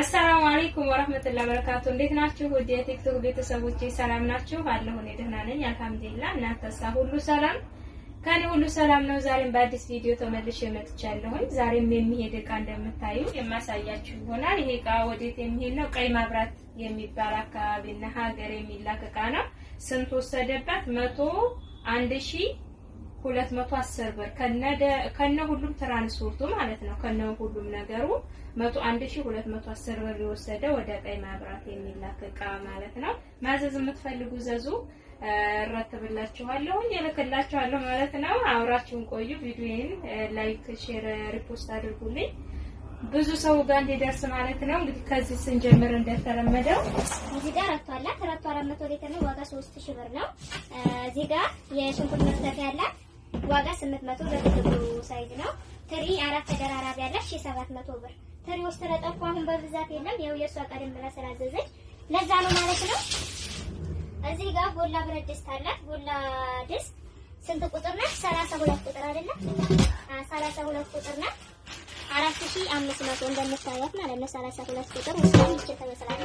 አሰላሙ አለይኩም ወራህመቱላሂ ወበረካቱ። እንዴት ናችሁ? ወደ ቲክቶክ ቤተሰቦቼ ሰላም ናችሁ? አለሁ እኔ ደህና ነኝ አልሐምዱሊላህ። እናንተሳ ሁሉ ሰላም? ከኔ ሁሉ ሰላም ነው። ዛሬም በአዲስ ቪዲዮ ተመልሼ መጥቻለሁኝ። ዛሬም የሚሄድ እቃ እንደምታዩ የማሳያችሁ ይሆናል። ይሄ እቃ ወዴት የሚሄድ ነው? ቀይ መብራት የሚባል አካባቢና ሀገር የሚላክ እቃ ነው። ስንት ወሰደበት? መቶ አንድ ሺህ ሁለት መቶ አስር ብር ከነ ሁሉም ትራንስፖርቱ ማለት ነው። ከነ ሁሉም ነገሩ መቶ አንድ ሺህ ሁለት መቶ አስር ብር የወሰደ ወደ ቀይ ማብራት የሚላክ እቃ ማለት ነው። ማዘዝ የምትፈልጉ ዘዙ፣ እረትብላችኋለሁ፣ እልክላችኋለሁ ማለት ነው። አብራችሁን ቆዩ። ቪዲዮዬን ላይክ፣ ሼር፣ ሪፖስት አድርጉልኝ ብዙ ሰው ጋር እንዲደርስ ማለት ነው። እንግዲህ ከዚህ ስንጀምር እንደተለመደው እዚህ ጋር አራት አላት አራት አራት መቶ ሊትር ነው። ዋጋ ሶስት ሺህ ብር ነው። እዚህ ጋር የሽንኩርት መክተፊያ አላት ዋጋ 800 ብር ትልቁ ሳይዝ ነው። ትሪ አራት ተደራራቢ አላት 700 ብር። ትሪ ትሪዎች ተለጠፉ አሁን በብዛት የለም። ያው የእሷ ቀደም ብላ ስላዘዘች ለዛ ነው ማለት ነው። እዚህ ጋር ጎላ ብረት ድስት አላት። ጎላ ድስት ስንት ቁጥር ነው? 32 ቁጥር አይደለ? 32 ቁጥር ናት። 4500 እንደምታያት ማለት ነው። 32 ቁጥር ውስጥ ይችላል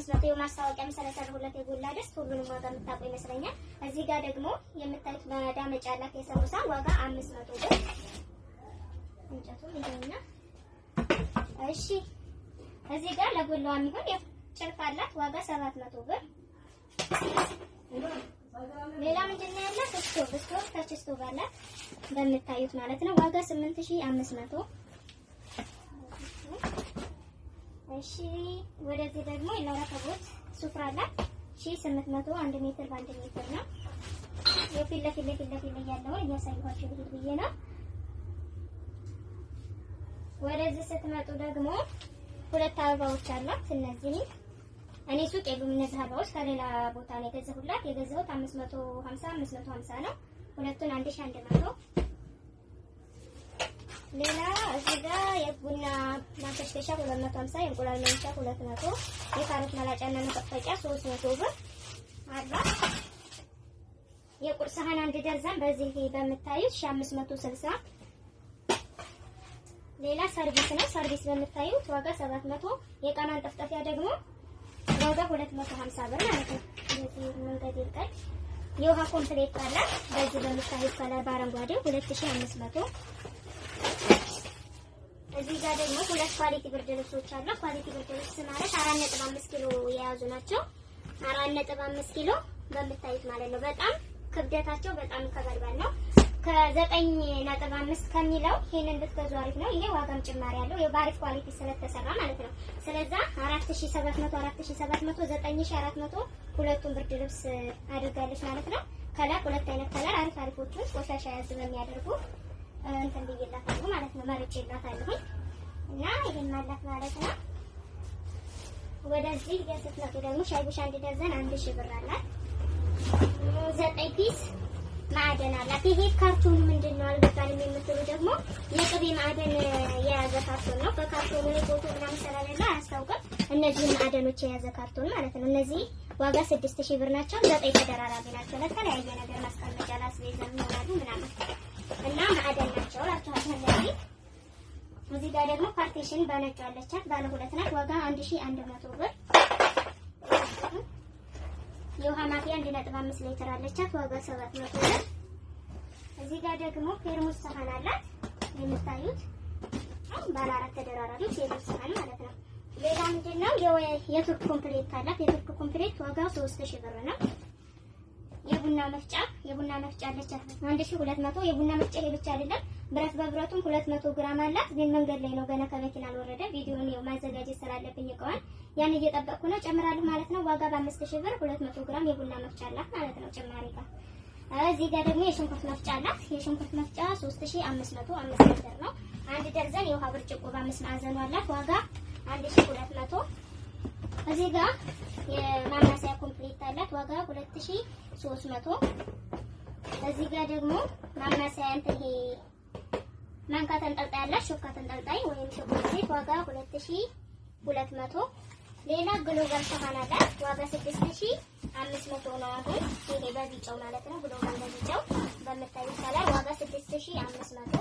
አምስት መቶ የማስታወቂያ መሰረት ሁለት የጎላ ድስት ሁሉንም ዋጋ የምታውቁ ይመስለኛል። እዚህ ጋር ደግሞ የምታዩት መዳመጫ ያላት የሰሙሳ ዋጋ አምስት መቶ ብር እንጨቱ ይሄና እሺ። እዚህ ጋር ለጎላዋ የሚሆን ጭልፍ አላት ዋጋ ሰባት መቶ ብር። ሌላ ምንድን ነው ያላት? ስቶቭ ስቶቭ ተች አላት በምታዩት ማለት ነው ዋጋ ስምንት ሺህ አምስት መቶ እሺ ወደዚህ ደግሞ የመረከቦት ሱፍራ አላት። ሺ 800 አንድ ሜትር በአንድ ሜትር ነው። የፊት ለፊት ለፊት ለፊት ላይ ያለውን እያሳየኋችሁ ልሂድ ብዬ ነው። ወደዚህ ስትመጡ ደግሞ ሁለት አበባዎች አሏት። እነዚህ እኔ ሱቅ የሉም። እነዚህ አበባዎች ከሌላ ቦታ ነው የገዛሁላት። የገዛሁት 550 550 ነው። ሁለቱን 1100 ሌላ እዚህ ጋር የቡና ማከሽከሻ 250፣ የእንቁላል መምቻ 200፣ የካሮት መላጫና መቀፈጫ 300 ብር አላ የቁርስ ሳህን አንድ ደርዘን በዚህ በምታዩት 560። ሌላ ሰርቪስ ነው። ሰርቪስ በምታዩት ዋጋ 700፣ የቃና አንጠፍጣፊያ ደግሞ ዋጋ 250 ብር ማለት ነው። እዚህ መንገድ ይልቀል የውሃ ኮምፕሌት አለ። በዚህ በምታዩት ካለር በአረንጓዴው 2500 እዚህ ጋር ደግሞ ሁለት ኳሊቲ ብርድ ልብሶች አሉ። ኳሊቲ ብርድ ልብስ ማለት አራት ነጥብ አምስት ኪሎ የያዙ ናቸው። አራት ነጥብ አምስት ኪሎ በምታዩት ማለት ነው። በጣም ክብደታቸው በጣም ከበድባል ነው። ከዘጠኝ ነጥብ አምስት ከሚለው ይሄንን ብትገዙ አሪፍ ነው። ይሄ ዋጋም ጭማሪ አለው የባሪፍ ኳሊቲ ስለተሰራ ማለት ነው። ስለዛ 4700 4700 9400 ሁለቱን ብርድ ልብስ አድርጋለች ማለት ነው። ከለር ሁለት አይነት ከለር አሪፍ አሪፎቹን ቆሻሻ ያዝ በሚያደርጉ እንትን ብዬላታለሁ ማለት ነው። መርጬላታለሁ እና ይሄን አላት ማለት ነው። ወደዚህ ስትመጡ ደግሞ ሻይ ቡሽ አንድ ደዘን አንድ ሺህ ብር አላት። ዘጠኝ ፒስ ማዕደን አላት። ይሄ ካርቶኑ ምንድን ነው አልገባንም የምትሉ ደግሞ የቅቤ ማዕደን የያዘ ካርቶን ነው። በካርቶኑ ፎቶ ምናምን ስላለ አያስታውቅም። እነዚህን ማዕደኖች የያዘ ካርቶን ማለት ነው እነዚህ ዋጋ ስድስት ሺህ ብር ናቸው። ዘጠኝ ተደራራቢ ናቸው። ለተለያየ ነገር ማስቀመጫ ላስቤዛ ይሆናሉ ምናምን እና ማዕደን ናቸው እላችኋለሁ። እነዚህ እዚህ ጋር ደግሞ ፓርቴሽን ባነጩ አለቻት ባለ ሁለት ናት። ዋጋ አንድ ሺህ አንድ መቶ ብር የውሃ ማፍያ አንድ ነጥብ አምስት ሊትር አለቻት ዋጋ ሰባት መቶ ብር። እዚህ ጋር ደግሞ ፌርሙስ ሳህን አላት የምታዩት ባለ አራት ተደራራቢ ፌርሙስ ሳህን ማለት ነው። ሌላ ምንድነው የቱርክ ኮምፕሌት አላት። የቱርክ ኮምፕሌት ዋጋው ሶስት ሺህ ብር ነው። የቡና መፍጫ የቡና መፍጫ አለች አንድ ሺህ ሁለት መቶ የቡና መፍጫ ይሄ ብቻ አይደለም፣ ብረት በብረቱም ሁለት መቶ ግራም አላት። ግን መንገድ ላይ ነው ገና ከመኪና አልወረደ። ቪዲዮን ነው ማዘጋጀት ስላለብኝ እቃዋን ያን እየጠበቅኩ ነው። ጨምራለሁ ማለት ነው። ዋጋ በአምስት ሺህ ብር ሁለት መቶ ግራም የቡና መፍጫ አላት ማለት ነው። ጭማሪ ጋር እዚህ ጋር ደግሞ የሽንኩርት መፍጫ አላት። የሽንኩርት መፍጫ 3500 አምስት ሊትር ነው። አንድ ደርዘን የውሃ ብርጭቆ በአምስት ማዕዘኑ አላት ዋጋ አንድ ሺህ ሁለት መቶ እዚህ ጋ የማማሰያ ኮምፕሌት አላት ዋጋ ሁለት ሺህ ሦስት መቶ እዚህ ጋር ደግሞ ማማሰያ እንትን ይሄ ማንካ ተንጠልጣይ አላት ሾካ ተንጠልጣይ ወይም ሾኮሌት ዋጋ ሁለት ሺህ ሁለት መቶ ሌላ ግሎባል ሰሃን አላት ዋጋ ስድስት ሺህ አምስት መቶ ነው። አሁን ይሄ በቢጫው ማለት ነው። ግሎባል በቢጫው በምታዩት ከለር ዋጋ ስድስት ሺህ አምስት መቶ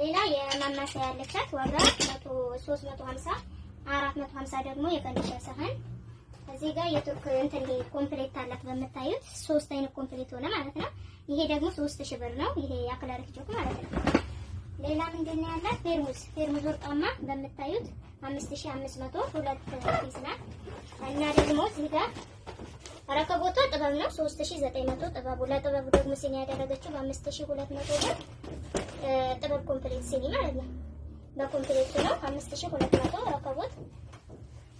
ሌላ የማማሰያ ያለቻት ዋጋ 350 450 ደግሞ የፈንዲሻ ሰሃን እዚህ ጋር የቱርክ እንትን ኮምፕሌት አላት በምታዩት ሶስት አይነት ኮምፕሌት ሆነ ማለት ነው። ይሄ ደግሞ ሶስት ሺህ ብር ነው። ይሄ የአክላሪክ ጆክ ማለት ነው። ሌላ ምንድን ነው ያላት ፌርሙዝ ፌርሙዝ ወርቃማ በምታዩት 5500 ሁለት ፒስ ናት እና ደግሞ እዚህ ጋር ረከቦቷ ጥበብ ነው 3900 ጥበቡ ለጥበቡ ደግሞ ሲኒ ያደረገችው በ5200 ብር ጥበብ ኮምፕሌት ሲኒ ማለት ነው። በኮምፕሌት ነው 5200 ረከቦት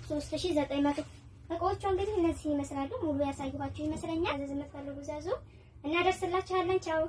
3900። እቃዎቿ እንግዲህ እነዚህ ይመስላሉ። ሙሉ ያሳየኋችሁ ይመስለኛል። አዘዝ የምትፈልጉ ዘዙ፣ እናደርስላችኋለን። ቻው